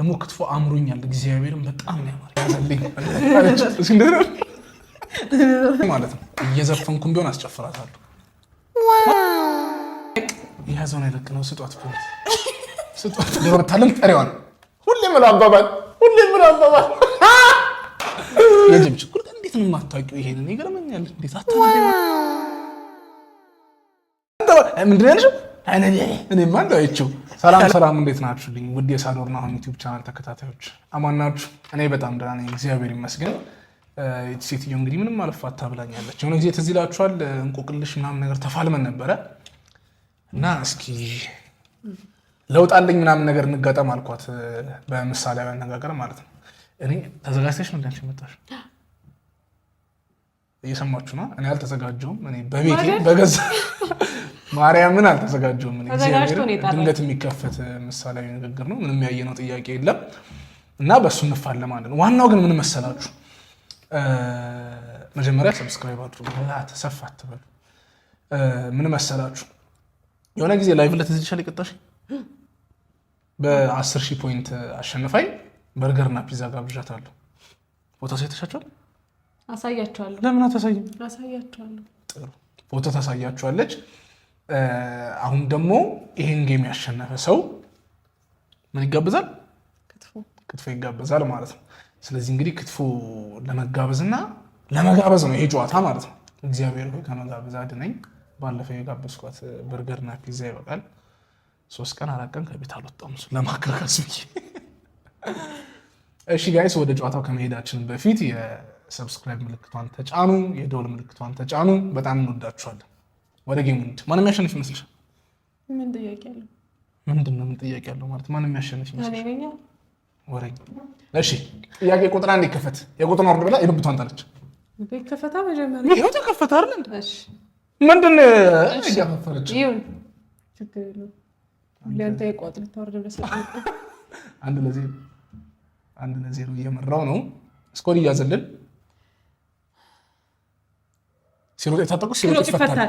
ደግሞ ክትፎ አምሮኛል፣ እግዚአብሔርን በጣም ነው ማለት ነው። እየዘፈንኩም ቢሆን አስጨፍራታለሁ። የያዘውን አይለቅ ነው። ስጧት ስጧት፣ ለበርታለም ሁሌ ምን አባባል ሁሌ ምን አባባል የጅብ ችኩል እንዴት ነው የማታውቂው? ይሄንን ይገርመኛል። እንዴት አታ ምንድን ነው እኔማ እንዳይቸው ሰላም ሰላም፣ እንዴት ናችሁልኝ? ውድ የሳዶር አሁን ዩቲዩብ ቻናል ተከታታዮች አማን ናችሁ? እኔ በጣም ደህና ነኝ፣ እግዚአብሔር ይመስገን። ሴትዮ እንግዲህ ምንም አልፋታ ብላኛለች። የሆነ ጊዜ ትዝ ይላችኋል፣ እንቆቅልሽ ምናምን ነገር ተፋልመን ነበረ እና እስኪ ለውጣለኝ ምናምን ነገር እንጋጠም አልኳት፣ በምሳሌ አነጋገር ማለት ነው። እኔ ተዘጋጅተሽ ነው እንዳንቺ መጣሽ እየሰማችሁ ነው። እኔ አልተዘጋጀውም። እኔ በቤቴ በገዛ ማርያምን አልተዘጋጀውም። ድንገት የሚከፈት ምሳሌያዊ ንግግር ነው። ምንም ያየነው ጥያቄ የለም እና በእሱ እንፋለማለን። ዋናው ግን ምን መሰላችሁ? መጀመሪያ ሰብስክራይብ አድርጉ። ተሰፋ አትበሉ። ምን መሰላችሁ? የሆነ ጊዜ ላይቭ ለትዝቻል ይቅጣሽ በ10 ሺህ ፖይንት አሸንፋኝ በርገርና ፒዛ ጋብዣታለሁ። ፎቶ አሳይተሻቸዋል? አሳያቸዋለሁ። ለምን አታሳይም? አሳያቸዋለሁ። ጥሩ ፎቶ ታሳያቸዋለች። አሁን ደግሞ ይህን ጌም ያሸነፈ ሰው ምን ይጋበዛል? ክትፎ ይጋበዛል ማለት ነው። ስለዚህ እንግዲህ ክትፎ ለመጋበዝና ለመጋበዝ ነው ይሄ ጨዋታ ማለት ነው። እግዚአብሔር ሆይ ከመጋበዝ አድነኝ። ባለፈው የጋበዝኳት በርገርና ፒዛ ይበቃል። ሶስት ቀን አራት ቀን ከቤት አልወጣም ለማካካስ እሺ ጋይስ፣ ወደ ጨዋታው ከመሄዳችን በፊት የሰብስክራይብ ምልክቷን ተጫኑ፣ የደውል ምልክቷን ተጫኑ። በጣም እንወዳችኋለን። ወደ ጌሙ እንሂድ። ማን የሚያሸንፍ ይመስልሻል? ምን ጥያቄ አለው? ምንድን ነው ምን ጥያቄ አለው ማለት ማን የሚያሸንፍ ይመስልሻል? ወረኝ። እሺ ጥያቄ ቁጥር አንድ ይከፈት። የቁጥር ወርድ ብላ የብብቷን ጣለች። ይከፈታ መጀመሪያ ይኸው ተከፈተ አይደል ምንድን እያፈፈረች አንድ ለዜሮ አንድ ለዜሮ እየመራው ነው። እስኮር እያዘልን ሲሮጥ የታጠቁ ሲሮጥ ይፈታል።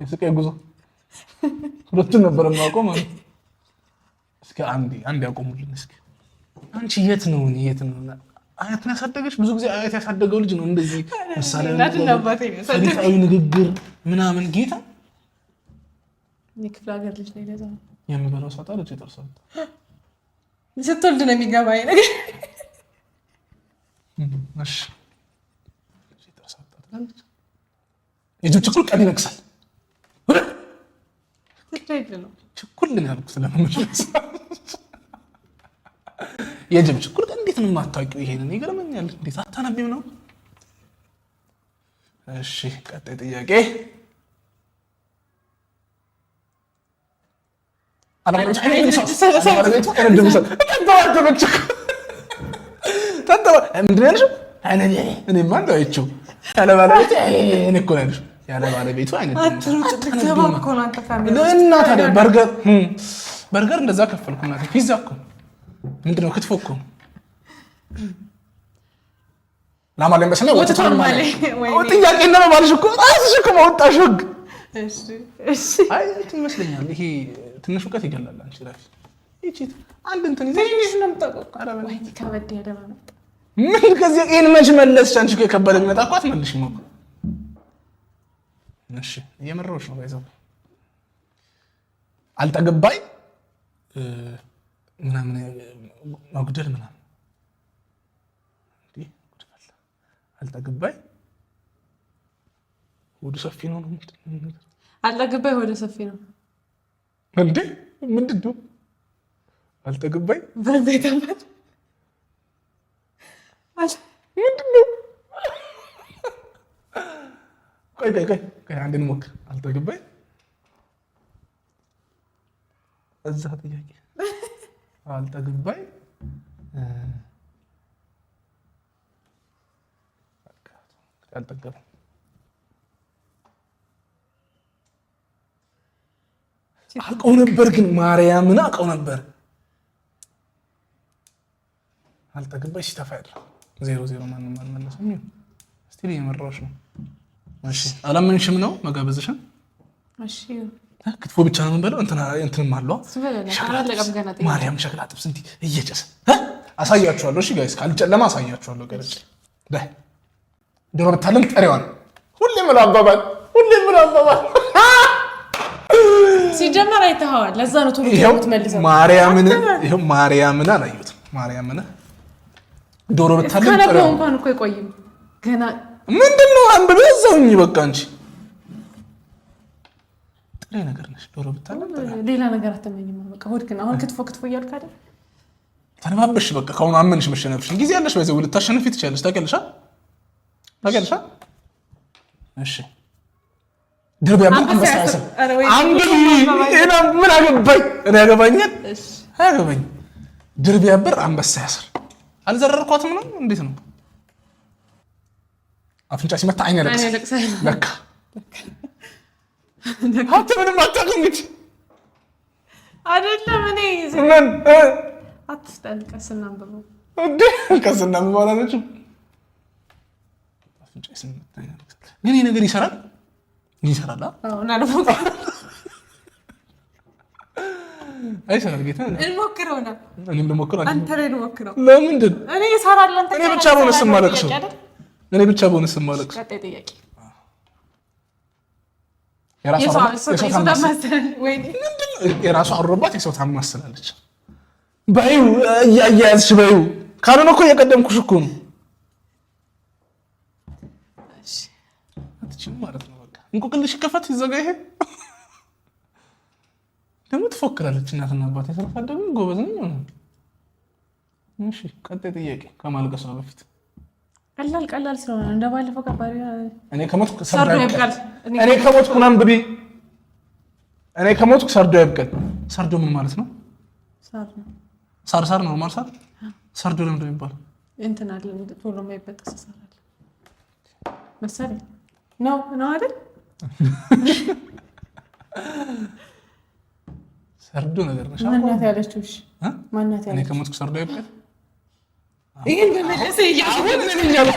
የስቃይ ጉዞ ሁለቱን ነበር ማቆም ማለት እስኪ አንድ አንድ ያቆሙልን እስኪ አንቺ የት ነው የት ነው አያት ያሳደገች ብዙ ጊዜ አያት ያሳደገው ልጅ ነው እንደዚህ ምሳሌ ታሪካዊ ንግግር ምናምን ጌታ የክፍለ ሀገር ልጅ ነው ይለዛ የሚበላው ሳጣ ልጅ ይጠርሳል ስትወልድ ነው የሚገባ ነገር የእጆች ቁልቃት ይነቅሳል ችኩል ነው ያልኩት ለመመለስ ችኩል ግን እንዴት ነው የማታውቂው? ይሄንን ይገርመኛል። እንዴት አታነቢም ነው? እሺ ቀጣይ ጥያቄ ምንድን ያልሽው? እኔማ እንደው አይቼው ያለባለቤት እኔ እኮ ነው ያልሽው ያለ ባለቤቱ እና በርገር በርገር እንደዛ ከፈልኩ ፒዛ እኮ ክትፎ እኮ ላማለ ጥያቄ እኮ እኮ ማወጣሽ ህግ ይመስለኛል። ይሄ ትንሽ እውቀት ይገላል። አንድ እንትን ይዘሽ ምን ከዚህ ይህን መች መለስሽ አንቺ የከበደ ሚመጣ እኮ አትመልሽም እኮ እሺ እየመረሮች ነው ይዘው አልጠገባይ ምናምን መጉደል ምናምን አልጠገባይ ወደ ሰፊ ነው። አልጠገባይ ሆዱ ሰፊ ነው እንዴ? ምንድን ነው አልጠገባይ በቤተመት ቆይ ቆይ ቆይ ቆይ አንድ እንሞክር። አልተገባኝ እዛ ጥያቄ አልተገባኝ። አልጠገበም አውቀው ነበር ግን ማርያምን አውቀው ነበር። አልጠገባኝ ሲተፋ ያለ ዜሮ ዜሮ ማንም አልመለሰም። ስቲል እየመራዎች ነው አላመንሽም ነው መጋበዝሽን። ክትፎ ብቻ ነው የምንበለው። እንትንም አለ ማርያም ሸክላ ጥብስ እንዲህ እየጨሰ አሳያችኋለሁ። እሺ ጋይስ፣ ካልጨለማ አሳያችኋለሁ። ገረጭ ዶሮ ብታለም ጠሪዋን ሁሌ ምን አባባል ሁሌ ምን አባባል ሲጀመር አይተኸዋል። ለዛ ነው ቶሎ ትመልሰው። ማርያምን ይኸው ማርያምን አላየሁትም። ማርያምን ዶሮ ብታለም ጠሪዋን እንኳን እኮ አይቆይም ገና ምንድን ነው አንብቤ እዛውኝ በቃ እንጂ ጥሬ ነገር ነሽ። ዶሮ ሌላ ነገር አትመኝም። በቃ ሆድ ግን አሁን ክትፎ ክትፎ እያልክ አይደል? ተነባበሽ በቃ ከአሁኑ አመንሽ መሸነፍሽን። ጊዜ ያለሽ በዚህ ልታሸንፊ ትችያለሽ። ታውቂያለሽ ታውቂያለሽ። እሺ ድርብ ያምን ምን አገባኝ እኔ ያገባኛል አያገባኝ ድርብ ያብር አንበሳ ያስር አልዘረርኳትም ነው እንዴት ነው አፍንጫ ሲመታ አይን ያለቅሳል። በቃ ምንም አታውቅም እንጂ አይደለም። እኔ ምን አትስጠን፣ ቀስና ቀስና አላለችም። አፍንጫ ሲመታ ግን ይህ ነገር ይሰራል ይሰራል። አይሰራል። ጌታ እንሞክረው ነው። እኔም ልሞክረው። አንተ ላይ ልሞክረው። ለምንድን እኔ ይሰራል። እኔ ብቻ ነው እሱን እኔ ብቻ በሆነስ የማለቅስ የራሱ አሮባት የሰው ታማስላለች። በዩ እያያያዝሽ በዩ ካልሆነ እኮ እየቀደምኩሽ እኮ ነው ማለት ነው። በቃ ከፈት ይዘጋ። ይሄ ደግሞ ትፎክራለች። እናትና አባት የስራ ደግሞ ጎበዝ ነው። ቀጣይ ጥያቄ ከማልቀሷ በፊት ቀላል ቀላል ስለሆነ እንደ ባለፈው ከባድ እኔ ከሞትኩ ሰርዶ ያብቀል። እኔ ከሞትኩ ናም ብቢ እኔ ከሞትኩ ሰርዶ ያብቀል። ሰርዶ ምን ማለት ነው? ሳር ሳር ነው ማለት ሳር ሰርዶ ነው የሚባለው እንትን አለ ቶሎ የማይበጠስ ሳር አለ መሰለኝ ነው ነው አይደል? ሰርዶ ነገር ነሽ ማናት ያለችው? እኔ ከሞትኩ ሰርዶ ያብቀል ይህን በመለሰ እያሁን ምንኛል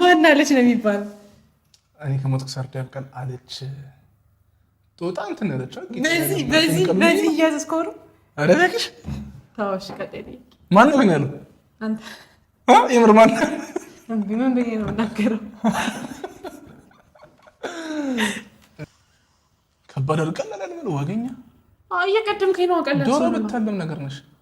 ማን አለች ነው የሚባል። እኔ ከሞትኩ ሰርዶ ያብቃል አለች ጦጣ እንትን አለች። በዚህ እያዘዝ ከሆኑ አረበሽ ታዋሽ ቀጤ ማን ነው ግን ያለው የምር ማን ነው የምናገረው? ከባድ አልቀለለል ዋገኛ እየቀደምከኝ ነው። ቀለል ዶሮ ብታለም ነገር ነሽ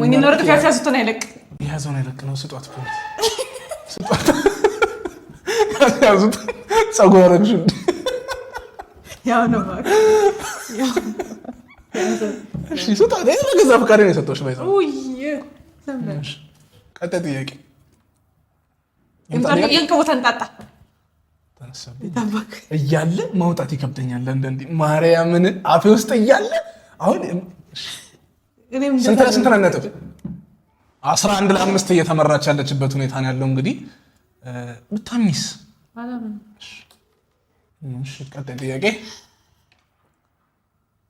ሞኝና ወረቀት የያዘውን አይለቅ ነው። ስጧት ስጧት ያዙት ያው ነው ስጧት። ነው ቀጣይ ጥያቄ እያለ ማውጣት ይከብደኛል አንዳንዴ ማርያምን አፌ ውስጥ እያለ አሁን ስንት ነጥብ አስራ አንድ ለአምስት እየተመራች ያለችበት ሁኔታ ነው ያለው። እንግዲህ ብታምኒስ ቀጣይ ጥያቄ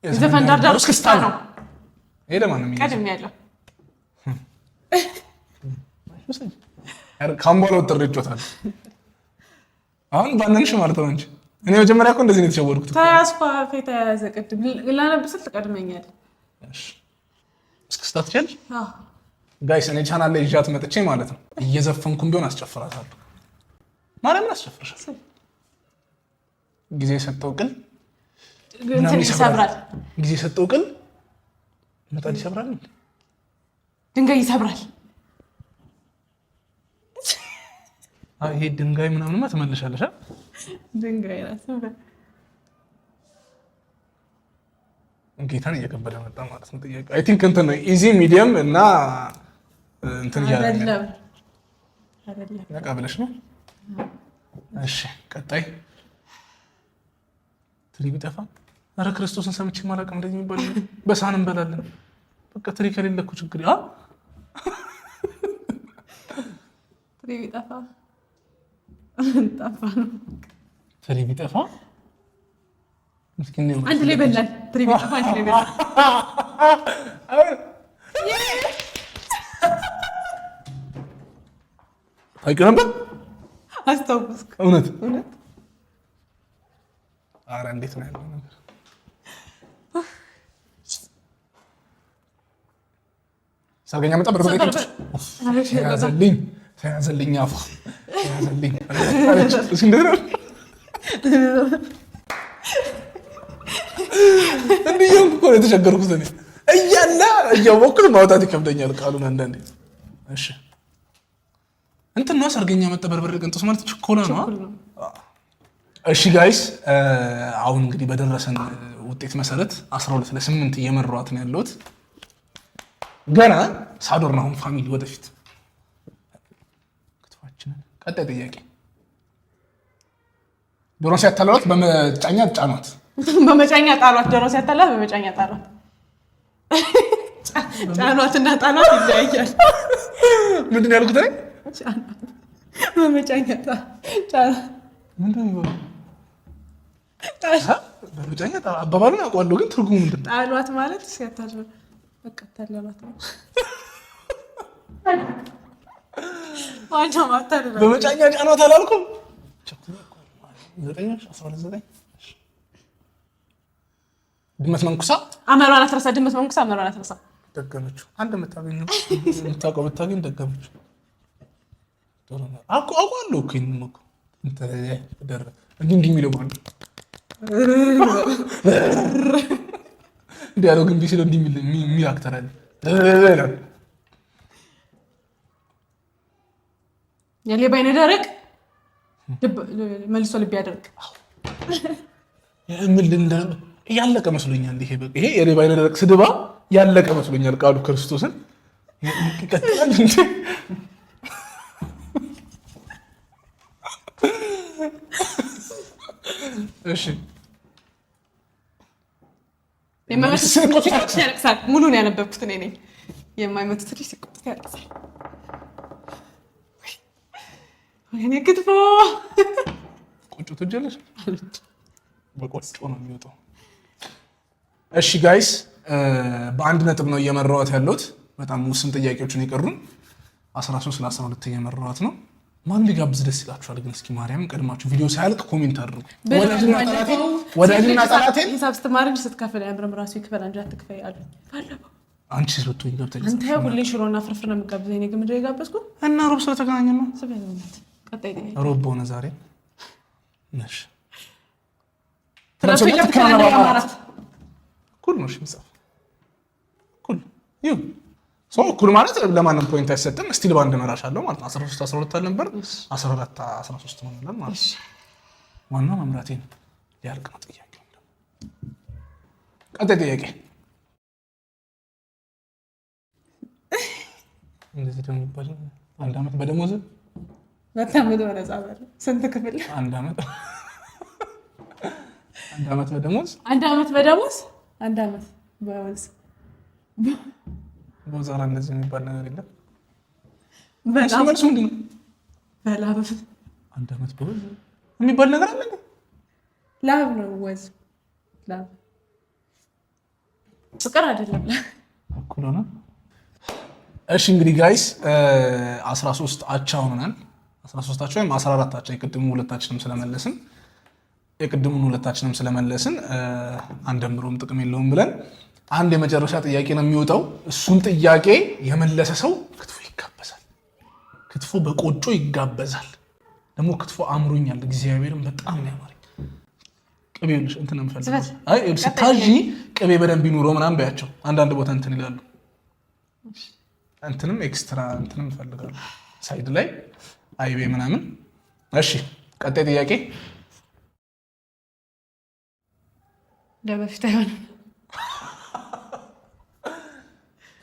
የዘፈን ዳርዳር እስክስታ ነው። ይሄ ለማንም ቀድም ያለው ካምባሎ ተርጆታል። አሁን ባንንሽ ማለት ነው እንጂ እኔ መጀመሪያ እኮ እንደዚህ ነው የተሸወድኩት። ተያዝኩ አፌ ተያያዘ። ቅድም ላነብስል ትቀድመኛለህ። እስክስታ ትችያለሽ? ጋይስ እኔ ቻናል ላይ ይዣት መጥቼ ማለት ነው እየዘፈንኩም ቢሆን አስጨፍራታለሁ። ማርያምን አስጨፍርሻለሁ። ጊዜ ሰጠው ቅል ጊዜ ሰጠው ቅል መጣድ ይሰብራል፣ ድንጋይ ይሰብራል። ይሄ ድንጋይ ምናምንማ ትመልሻለሻ ድንጋይ ጌታን እየከበደ መጣ ማለት ነው። ጥያቄ አይ ቲንክ እንትን ኢዚ ሚዲየም እና እንትን ያለበቃ ብለሽ ነው። እሺ ቀጣይ ትሪ ቢጠፋ ኧረ ክርስቶስን ሰምቼ ማላውቅም እንደዚህ የሚባል በሳህን እንበላለን። በቃ ትሪ ከሌለ እኮ ችግር ትሪ ቢጠፋ አንድ ላይ በላል። ታውቂው ነበር አስታውስኩ። እውነት እውነት። ኧረ እንዴት ነው ያለው ነገር! ሳገኛ መጣ ተያዘልኝ፣ ተያዘልኝ፣ አፏ ተያዘልኝ እንዲህ እያልኩ እኮ ነው የተቸገርኩት እኔ እያለ እያወኩኝ ማውጣት ይከብደኛል ቃሉን አንዳንዴ። እሺ እንትን ነው ሰርገኛ መጣ በርበሬ ቅንጦስ ማለት ችኮላ ነው። እሺ ጋይስ፣ አሁን እንግዲህ በደረሰን ውጤት መሰረት 12 ለ8 እየመሯት ነው ያለሁት። ገና ሳዶር ነው አሁን ፋሚሊ ወደፊት ቀጣይ ጥያቄ ዶሮ ሲያታለሏት በመጫኛ ጫኗት። በመጫኛ ጣሏት። ዶሮ ሲያታላት በመጫኛ ጣሏት። ጫኗት እና ጣሏት ይለያያል። ምንድን ነው ያልኩት? በመጫኛ አባባሉን አውቀዋለሁ፣ ግን ትርጉሙ ምንድን ነው? ጣሏት ማለት ሲያታላት በቃ ተለሏት ነው። በመጫኛ ጫኗት አላልኩም። ድመት መንኩሳ አመሏን አትረሳ። ድመት መንኩሳ አመሏን አትረሳ። ደገመችው። አንድ የምታገኝ የምታውቀው ብታገኝ ደገመችው። አውቀዋለሁ እኮ እንዲህ እንዲህ የሚለው ማለት ዲያሎግ እምቢ ሲለው እንዲህ የሚል አክተር አለ። የሌባ አይነ ደረቅ መልሶ ልብ ያደርግ ምን ያለቀ መስሎኛል። ይሄ በቃ ይሄ የሪቫይል ደረቅ ስድባ ያለቀ መስሎኛል። ቃሉ ክርስቶስን ይቀጥላል እንጂ እሺ ሙሉን ያነበብኩት እኔ ነኝ። የማይመቱት ልጅ ሲቆጡት ያለቅሳል። ወይኔ ክትፎ ቆጮ ትወጃለሽ? በቆጮ ነው የሚወጣው እሺ ጋይስ በአንድ ነጥብ ነው እየመራኋት ያለሁት። በጣም ውስን ጥያቄዎችን የቀሩን 13 ለ12 እየመራኋት ነው። ማን ሊጋብዝ ደስ ይላችኋል? ግን እስኪ ማርያም ቀድማችሁ ቪዲዮ ሳያልቅ ኮሜንት አድርጉ። ወዳጅና ራሱ አንቺ ስትወኝ ገብተኝ አንተ ሁሌ ፍርፍር ነው የምጋብዘኝ። እኔ የጋበዝኩት? እና ሮብ ስለተገናኘ ነው ሮብ በሆነ ዛሬ ነሽ እኩል ነው ምጽፍ እኩል ይሁን ሰው እኩል ማለት ለማንም ፖይንት አይሰጥም። ስቲል በአንድ መራሽ አለው ማለት ነው። 13 12 ነበር 14 13 ሆነለን ማለት ነው። ዋናው መምራቴን ሊያልቅ ነው። ጥያቄ ቀጣይ ጥያቄ እንደዚህ ደግሞ ይባላል። አንድ ዓመት በደሞዝ ሁለት ዓመት በነፃ በር ስንት ክፍል አንድ ዓመት በደሞዝ አንድ ዓመት በደሞዝ አንድ አመት በወንዝ በወዛራ እንደዚህ የሚባል ነገር የለም። በላብ አንድ አመት በወንዝ የሚባል ነገር አለ። ላብ ነው ወዝ ላብ ፍቅር አይደለም። ሆነ እሺ፣ እንግዲህ ጋይስ አስራ ሶስት አቻ ሆነናል። አስራ ሶስት አቻ ወይም አስራ አራት አቻ የቅድሙ ሁለታችንም ስለመለስን የቅድሙን ሁለታችንም ስለመለስን አንደምሮም ጥቅም የለውም ብለን አንድ የመጨረሻ ጥያቄ ነው የሚወጣው። እሱን ጥያቄ የመለሰ ሰው ክትፎ ይጋበዛል። ክትፎ በቆጮ ይጋበዛል። ደግሞ ክትፎ አምሮኛል፣ እግዚአብሔርም በጣም ነው ያማረኝ። ቅቤ እንትን ስታዥ ቅቤ በደንብ ይኑረው ምናምን በያቸው። አንዳንድ ቦታ እንትን ይላሉ። እንትንም ኤክስትራ እንትንም እንፈልጋሉ፣ ሳይድ ላይ አይቤ ምናምን። እሺ ቀጣይ ጥያቄ እንደ በፊት አይሆንም።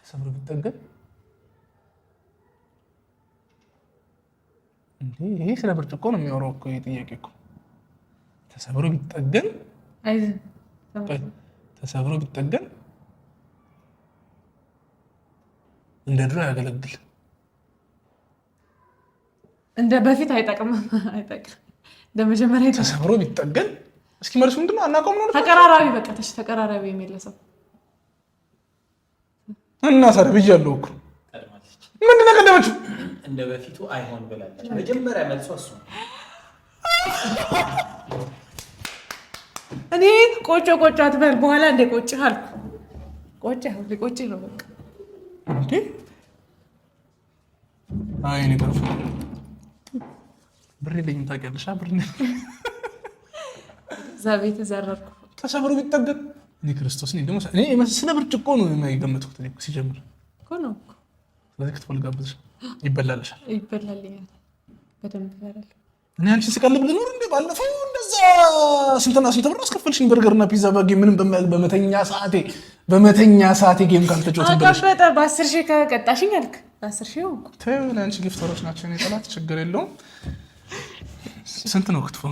ተሰምሮ ቢጠገን ይሄ ስለ ብርጭቆ ነው የሚያወራው እኮ ይሄ ጥያቄ እኮ ተሰብሮ ቢጠገን ተሰብሮ ቢጠገን እንደ ድሮ ያገለግል እንደ በፊት አይጠቅምም። አይጠቅም እንደ መጀመሪያ ተሰብሮ ቢጠገን እስኪ መልሱ ምንድን ነው? አናውቀውም ነው። ተቀራራቢ በቃ ተቀራራቢ የሚለሰው ሰው እና ታዲያ ብያለሁ እኮ ምንድን ነው ቀደመችው? እንደ በፊቱ አይሆን ብላለች። መጀመሪያ መልሶ እሱ እኔ ቆጮ ቆጮ አትበል በኋላ እንደ ቆጭ አልኩ። ቆጭ ቆጭ ነው በቃ እንዴ! አይ እኔ ብር የለኝም ታውቂያለሽ። ብር ዘር ቤት ዘረርኩ ተሰብሮ ቢጠገጥ እኔ ክርስቶስ እኔ ደግሞ ስለ ብርጭቆ ነው የገመትኩት ሲጀምር ስለዚህ ክትፎ ልጋብዝሽ፣ ይበላልሻል። ይበላልኛል፣ በደንብ ይበላል። እኔ አንቺን ስቀልብ ልኖር እንደ ባለፈው እንደዛ ስንትና ስንት ብር አስከፈልሽኝ በርገርና ፒዛ ባጌ ምንም በመተኛ ሰዓቴ በመተኛ ሰዓቴ ጌም ካልተጫወትበለሽበጠ በአስር ሺህ ከቀጣሽኝ አልክ በአስር ሺህ አንቺ ጊፍተሮች ናቸው። እኔ ችግር የለውም። ስንት ነው ክትፎ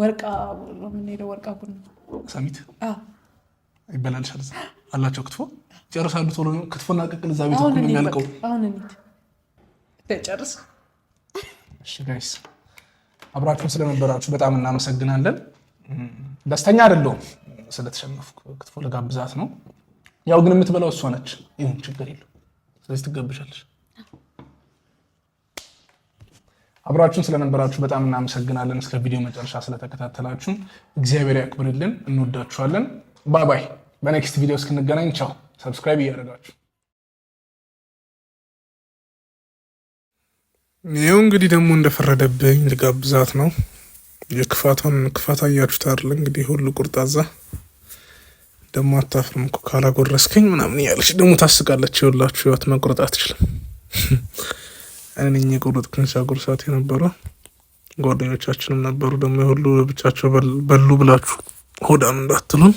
ወርቃ የምንሄደው። ወርቃ ቡና ሰሚት ይበላልሻል። አላቸው ክትፎ ጨርሳሉ። ቶሎ ክትፎና ቅቅል እዛ ቤት ነው የሚያልቀው። አሁን ጨርስ። ጋይስ አብራችሁን ስለነበራችሁ በጣም እናመሰግናለን። ደስተኛ አይደለሁም ስለተሸነፍኩ፣ ክትፎ ለጋብዛት ነው ያው ግን የምትበላው እሷ ነች። ይሁን ችግር የለውም። ስለዚህ ትገብሻለች። አብራችሁን ስለነበራችሁ በጣም እናመሰግናለን። እስከ ቪዲዮ መጨረሻ ስለተከታተላችሁ እግዚአብሔር ያክብርልን። እንወዳችኋለን። ባይ ባይ። በኔክስት ቪዲዮ እስክንገናኝ ቻው። ሰብስክራይብ እያደረጋችሁ ይኸው እንግዲህ ደግሞ እንደፈረደብኝ ልጋብዛት ነው። የክፋቷን ክፋት አያችሁት አይደል? እንግዲህ ሁሉ ቁርጣዛ ደግሞ አታፍርም እኮ ካላጎረስከኝ ምናምን እያለች ደግሞ ታስቃለች። የወላችሁ ህይወት መቆረጥ አትችልም። እኔ የቆረጥኩኝ ሳጉር ሰዓት የነበረ ጓደኞቻችንም ነበሩ። ደግሞ የሁሉ ብቻቸው በሉ ብላችሁ ሆዳም እንዳትሉን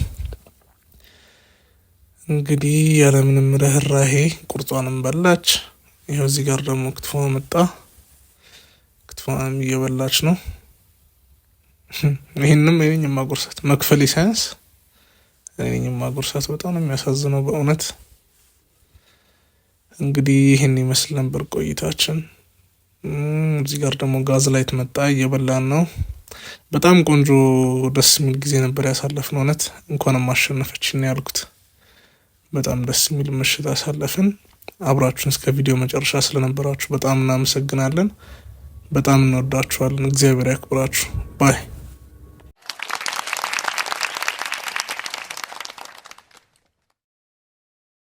እንግዲህ ያለምንም ርኅራሄ ቁርጧንም በላች። ይኸው እዚህ ጋር ደግሞ ክትፎ መጣ። ክትፎም እየበላች ነው። ይህንም የእኔን የማጉርሳት መክፈል ሳያንስ የእኔን የማጉርሳት በጣም ነው የሚያሳዝነው በእውነት። እንግዲህ ይህን ይመስል ነበር ቆይታችን። እዚህ ጋር ደግሞ ጋዝ ላይ ትመጣ እየበላን ነው። በጣም ቆንጆ ደስ የሚል ጊዜ ነበር ያሳለፍን። እውነት እንኳንም አሸነፈችን ያልኩት በጣም ደስ የሚል ምሽት አሳለፍን። አብራችሁን እስከ ቪዲዮ መጨረሻ ስለነበራችሁ በጣም እናመሰግናለን። በጣም እንወዳችኋለን። እግዚአብሔር ያክብራችሁ ባይ